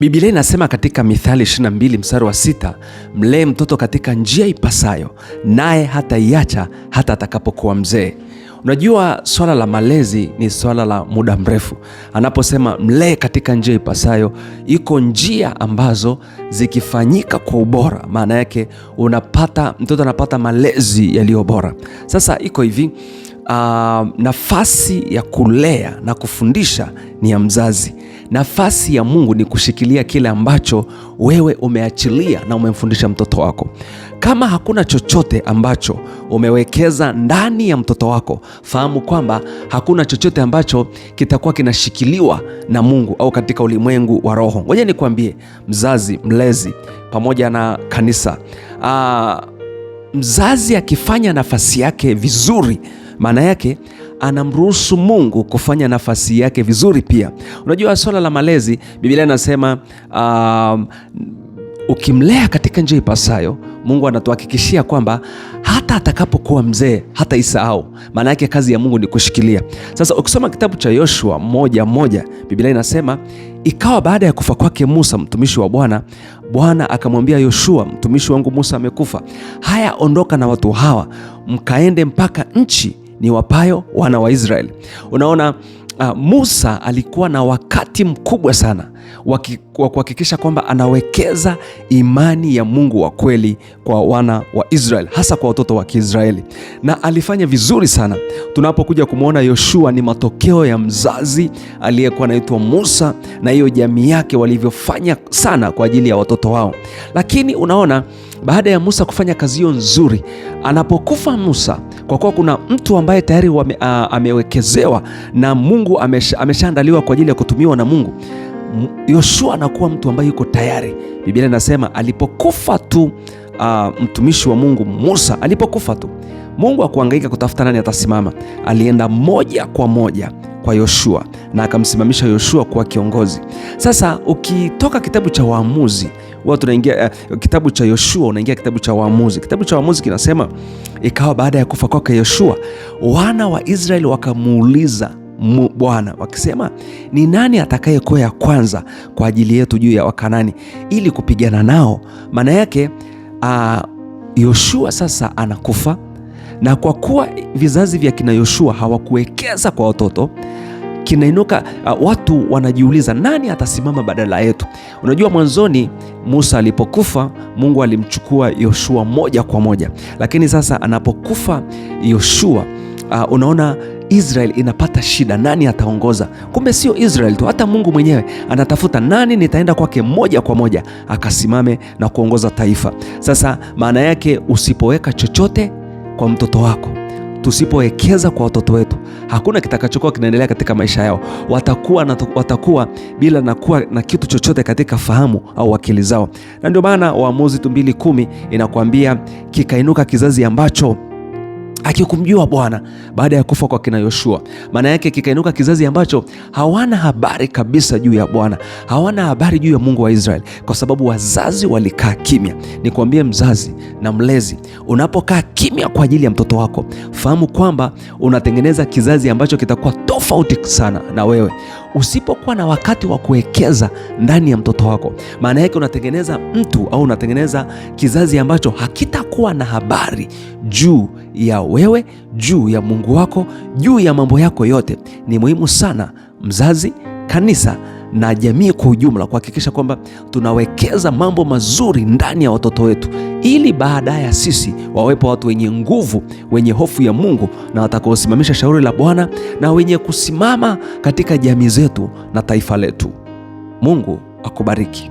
Biblia inasema katika Mithali 22 mstari wa sita, mlee mtoto katika njia ipasayo, naye hataiacha hata atakapokuwa mzee. Unajua, swala la malezi ni swala la muda mrefu. Anaposema mlee katika njia ipasayo, iko njia ambazo zikifanyika kwa ubora, maana yake unapata mtoto anapata malezi yaliyo bora. Sasa iko hivi uh, nafasi ya kulea na kufundisha ni ya mzazi. Nafasi ya Mungu ni kushikilia kile ambacho wewe umeachilia na umemfundisha mtoto wako. Kama hakuna chochote ambacho umewekeza ndani ya mtoto wako, fahamu kwamba hakuna chochote ambacho kitakuwa kinashikiliwa na Mungu au katika ulimwengu wa roho. Ngoja kuambie mzazi, mlezi pamoja na kanisa, aa, ah, mzazi akifanya nafasi yake vizuri maana yake anamruhusu Mungu kufanya nafasi yake vizuri. Pia unajua swala la malezi, Biblia inasema um, ukimlea katika njia ipasayo, Mungu anatuhakikishia kwamba hata atakapokuwa mzee hata isahau. Maana yake kazi ya Mungu ni kushikilia. Sasa ukisoma kitabu cha Yoshua moja moja, Biblia inasema ikawa baada ya kufa kwake Musa mtumishi wa Bwana, Bwana akamwambia Yoshua, mtumishi wangu Musa amekufa. Haya, ondoka na watu hawa, mkaende mpaka nchi ni wapayo wana wa Israeli. Unaona, uh, Musa alikuwa na wakati mkubwa sana wa kuhakikisha kwamba anawekeza imani ya Mungu wa kweli kwa wana wa Israeli, hasa kwa watoto wa Kiisraeli, na alifanya vizuri sana. Tunapokuja kumwona Yoshua ni matokeo ya mzazi aliyekuwa anaitwa Musa na hiyo jamii yake walivyofanya sana kwa ajili ya watoto wao. Lakini unaona, baada ya Musa kufanya kazi hiyo nzuri, anapokufa Musa, kwa kuwa kuna mtu ambaye tayari wame, a, ah, amewekezewa na Mungu, ameshaandaliwa amesha kwa ajili ya kutumiwa na Mungu. Yoshua anakuwa mtu ambaye yuko tayari. Biblia inasema alipokufa tu a, ah, mtumishi wa Mungu Musa alipokufa tu, Mungu akuangaika kutafuta nani atasimama, alienda moja kwa moja kwa Yoshua na akamsimamisha Yoshua kuwa kiongozi. Sasa ukitoka kitabu cha Waamuzi wao tunaingia uh, kitabu cha Yoshua, unaingia kitabu cha Waamuzi. Kitabu cha Waamuzi kinasema ikawa baada ya kufa kwake Yoshua, wana wa Israeli wakamuuliza Bwana wakisema, ni nani atakayekuwa ya kwanza kwa ajili yetu juu ya Wakanani ili kupigana nao? Maana yake uh, Yoshua sasa anakufa na kwa kuwa vizazi vya kina Yoshua hawakuwekeza kwa watoto kinainuka, uh, watu wanajiuliza nani atasimama badala yetu? Unajua, mwanzoni Musa alipokufa Mungu alimchukua Yoshua moja kwa moja, lakini sasa anapokufa Yoshua uh, unaona Israel inapata shida, nani ataongoza? Kumbe sio Israel tu, hata Mungu mwenyewe anatafuta nani nitaenda kwake moja kwa moja akasimame na kuongoza taifa. Sasa maana yake usipoweka chochote kwa mtoto wako, tusipowekeza kwa watoto wetu, hakuna kitakachokuwa kinaendelea katika maisha yao. Watakuwa na, watakuwa bila na kuwa na kitu chochote katika fahamu au akili zao, na ndio maana Waamuzi 2:10 kumi inakuambia, kikainuka kizazi ambacho akikumjua Bwana baada ya kufa kwa kina Yoshua. Maana yake kikainuka kizazi ambacho hawana habari kabisa juu ya Bwana, hawana habari juu ya Mungu wa Israeli, kwa sababu wazazi walikaa kimya. Nikwambie mzazi na mlezi, unapokaa kimya kwa ajili ya mtoto wako, fahamu kwamba unatengeneza kizazi ambacho kitakuwa tofauti sana na wewe. Usipokuwa na wakati wa kuwekeza ndani ya mtoto wako, maana yake unatengeneza mtu au unatengeneza kizazi ambacho hakitakuwa na habari juu ya wewe, juu ya Mungu wako, juu ya mambo yako yote. Ni muhimu sana mzazi, kanisa na jamii kwa ujumla kuhakikisha kwamba tunawekeza mambo mazuri ndani ya watoto wetu ili baadaye ya sisi wawepo watu wenye nguvu, wenye hofu ya Mungu na watakaosimamisha shauri la Bwana na wenye kusimama katika jamii zetu na taifa letu. Mungu akubariki.